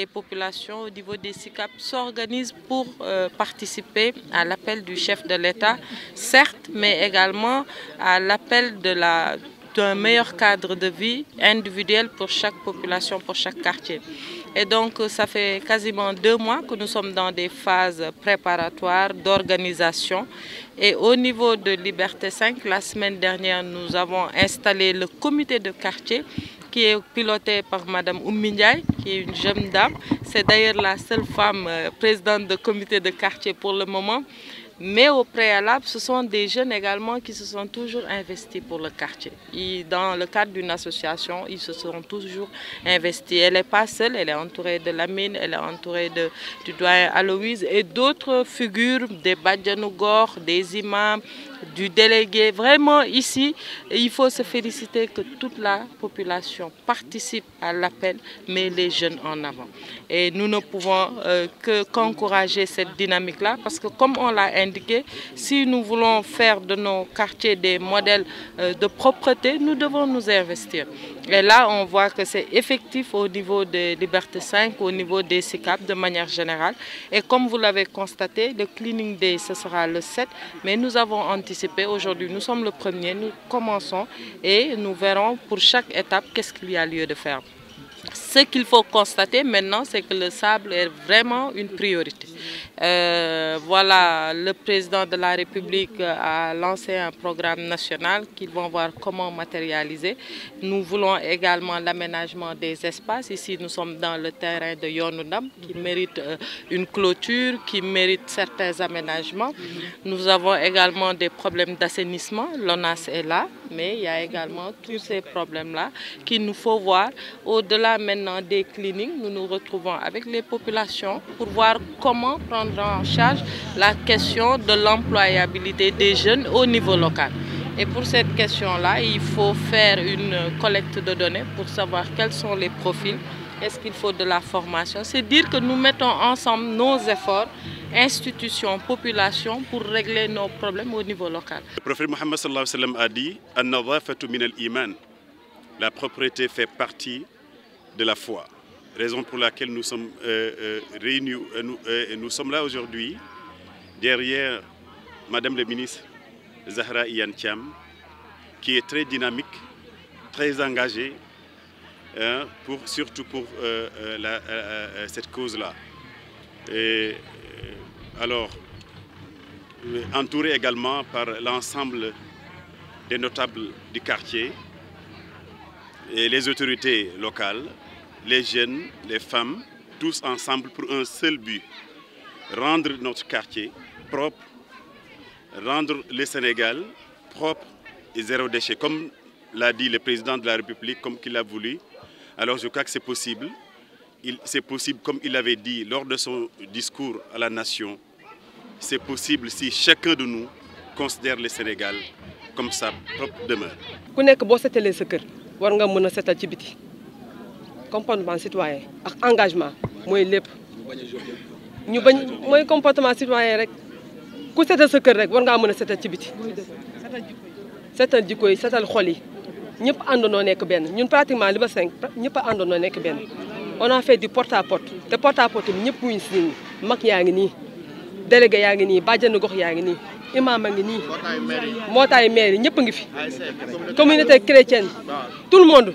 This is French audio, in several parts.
les populations au niveau des SICAP s'organisent pour euh, participer à l'appel du chef de l'État, certes, mais également à l'appel de la d'un meilleur cadre de vie individuel pour chaque population, pour chaque quartier. Et donc, euh, ça fait quasiment deux mois que nous sommes dans des phases préparatoires, d'organisation. Et au niveau de Liberté 5, la semaine dernière, nous avons installé le comité de quartier qui est pilotée par Madame Oumindiaï, qui est une jeune dame. C'est d'ailleurs la seule femme euh, présidente de comité de quartier pour le moment. Mais au préalable, ce sont des jeunes également qui se sont toujours investis pour le quartier. dans le cadre d'une association, ils se sont toujours investis. Elle n'est pas seule, elle est entourée de Lamine, elle est entourée de, du doyen Aloïse et d'autres figures, des Badjanougor, des imams, du délégué. Vraiment, ici, il faut se féliciter que toute la population participe à l'appel, mais les jeunes en avant. Et nous ne pouvons euh, que qu'encourager cette dynamique-là, parce que comme on l'a indiqué, si nous voulons faire de nos quartiers des modèles euh, de propreté, nous devons nous investir. Et là, on voit que c'est effectif au niveau des Liberté 5, au niveau des CICAP de manière générale. Et comme vous l'avez constaté, le cleaning day, ce sera le 7, mais nous avons Aujourd'hui, nous sommes le premier, nous commençons et nous verrons pour chaque étape qu'est-ce qu'il y a lieu de faire. Ce qu'il faut constater maintenant, c'est que le sable est vraiment une priorité. Euh, voilà, le président de la République a lancé un programme national qu'ils vont voir comment matérialiser. Nous voulons également l'aménagement des espaces. Ici, nous sommes dans le terrain de Yonunam qui mérite euh, une clôture, qui mérite certains aménagements. Nous avons également des problèmes d'assainissement. L'ONAS est là, mais il y a également tous ces problèmes-là qu'il nous faut voir. Au-delà maintenant des cliniques, nous nous retrouvons avec les populations pour voir comment prendre en charge la question de l'employabilité des jeunes au niveau local. Et pour cette question-là, il faut faire une collecte de données pour savoir quels sont les profils, est-ce qu'il faut de la formation. C'est dire que nous mettons ensemble nos efforts, institutions, populations, pour régler nos problèmes au niveau local. Le prophète Mohammed a dit « La propriété fait partie de la foi » raison pour laquelle nous sommes euh, euh, réunis, euh, nous, sommes là aujourd'hui, derrière Madame la ministre Zahra Iyan qui est très dynamique, très engagée, hein, pour, surtout pour cette cause-là. Alors, entouré également par l'ensemble des notables du quartier et les autorités locales, les jeunes, les femmes, tous ensemble pour un seul but, rendre notre quartier propre, rendre le Sénégal propre et zéro déchet, comme l'a dit le président de la République, comme qu'il a voulu. Alors je crois que c'est possible. C'est possible, comme il avait dit lors de son discours à la nation, c'est possible si chacun de nous considère le Sénégal comme sa propre demeure comportement citoyen ak engagement moy lepp ñu bañ comportement citoyen rek ku sétal sa kër rek war nga mëna ci biti jikko yi yi ñun pratiquement on a fait du porte à porte te porte à porte ñëpp nous Nous délégué yaangi gox maire communauté chrétienne tout le monde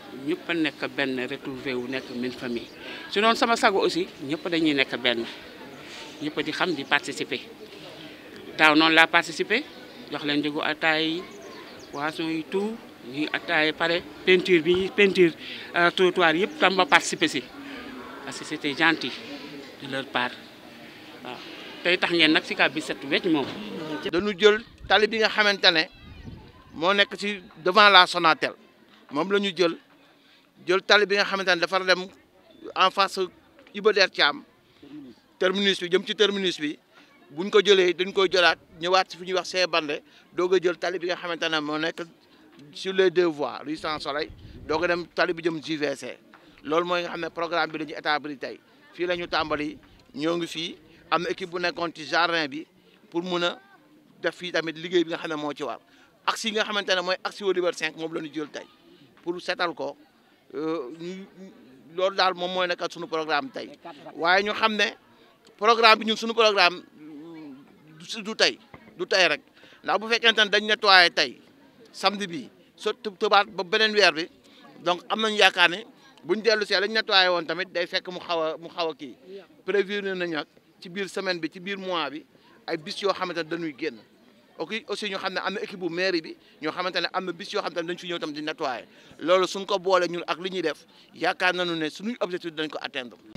ñëpp a nekk benn retrouvé wu nekk mille famille su noonu sama sago aussi ñëpp dañuy nekk benn ñëpp di xam di participer daaw noonu laa participer jox leen njëgu ataay yi boisson yi tout ñuy ataay pare peinture bi peinture euh, trottoir yëpp tam ma participer si parce que c'était gentil de leur part waaw tey tax ngeen nag si ka bi set wecc moom dañu jël tali bi nga xamante ne moo nekk ci devant la Sonatel moom la ñu jël jël tali bi nga xamante ne dafa dem en face Iba Der Thiam terminus bi jëm ci terminus bi bu buñ ko jëlee dañ koy jëlaat ñëwaat si fu ñuy wax see bande doo a jël tali bi nga xamante ne moo nekk sur les deux voies rue sans soleil doog a dem tali bi jëm JVC loolu mooy nga xam ne programme bi dañu ñu tey fii la ñu tàmbali ñoo ngi fii am na équipe bu nekkoon ci jardin bi pour mun a def fii tamit liggéey bi nga xam ne moo ci war axe nga xamante ne mooy axe au Liberté moom la ñu jël tey pour setal ko Euh, loolu daal moom mooy nekkal suñu programme tey waaye ñu xam ne programme bi ñun suñu programme du tey du tey rek ndax bu fekkente ne dañ nettoyé tey samedi bi so tëbaat ba beneen weer bi donc am nañu yaakaar ne buñ dellu see lañ nettoyé woon tamit day fekk mu xaw a mu xaw a kii prévu nañ nag ci biir semaine bi ci biir mois bi ay bis yoo xamante ne dañuy génn ok aussi ñu xam ne am na équipe bu mairie bi ñoo xamante ne am na bis yoo xam ne dañ fi ñëw tam di nettoyer loolu suñ ko boolee ñun ak li ñuy def yaakaar nañu ne suñuy objectif dañ ko atteindre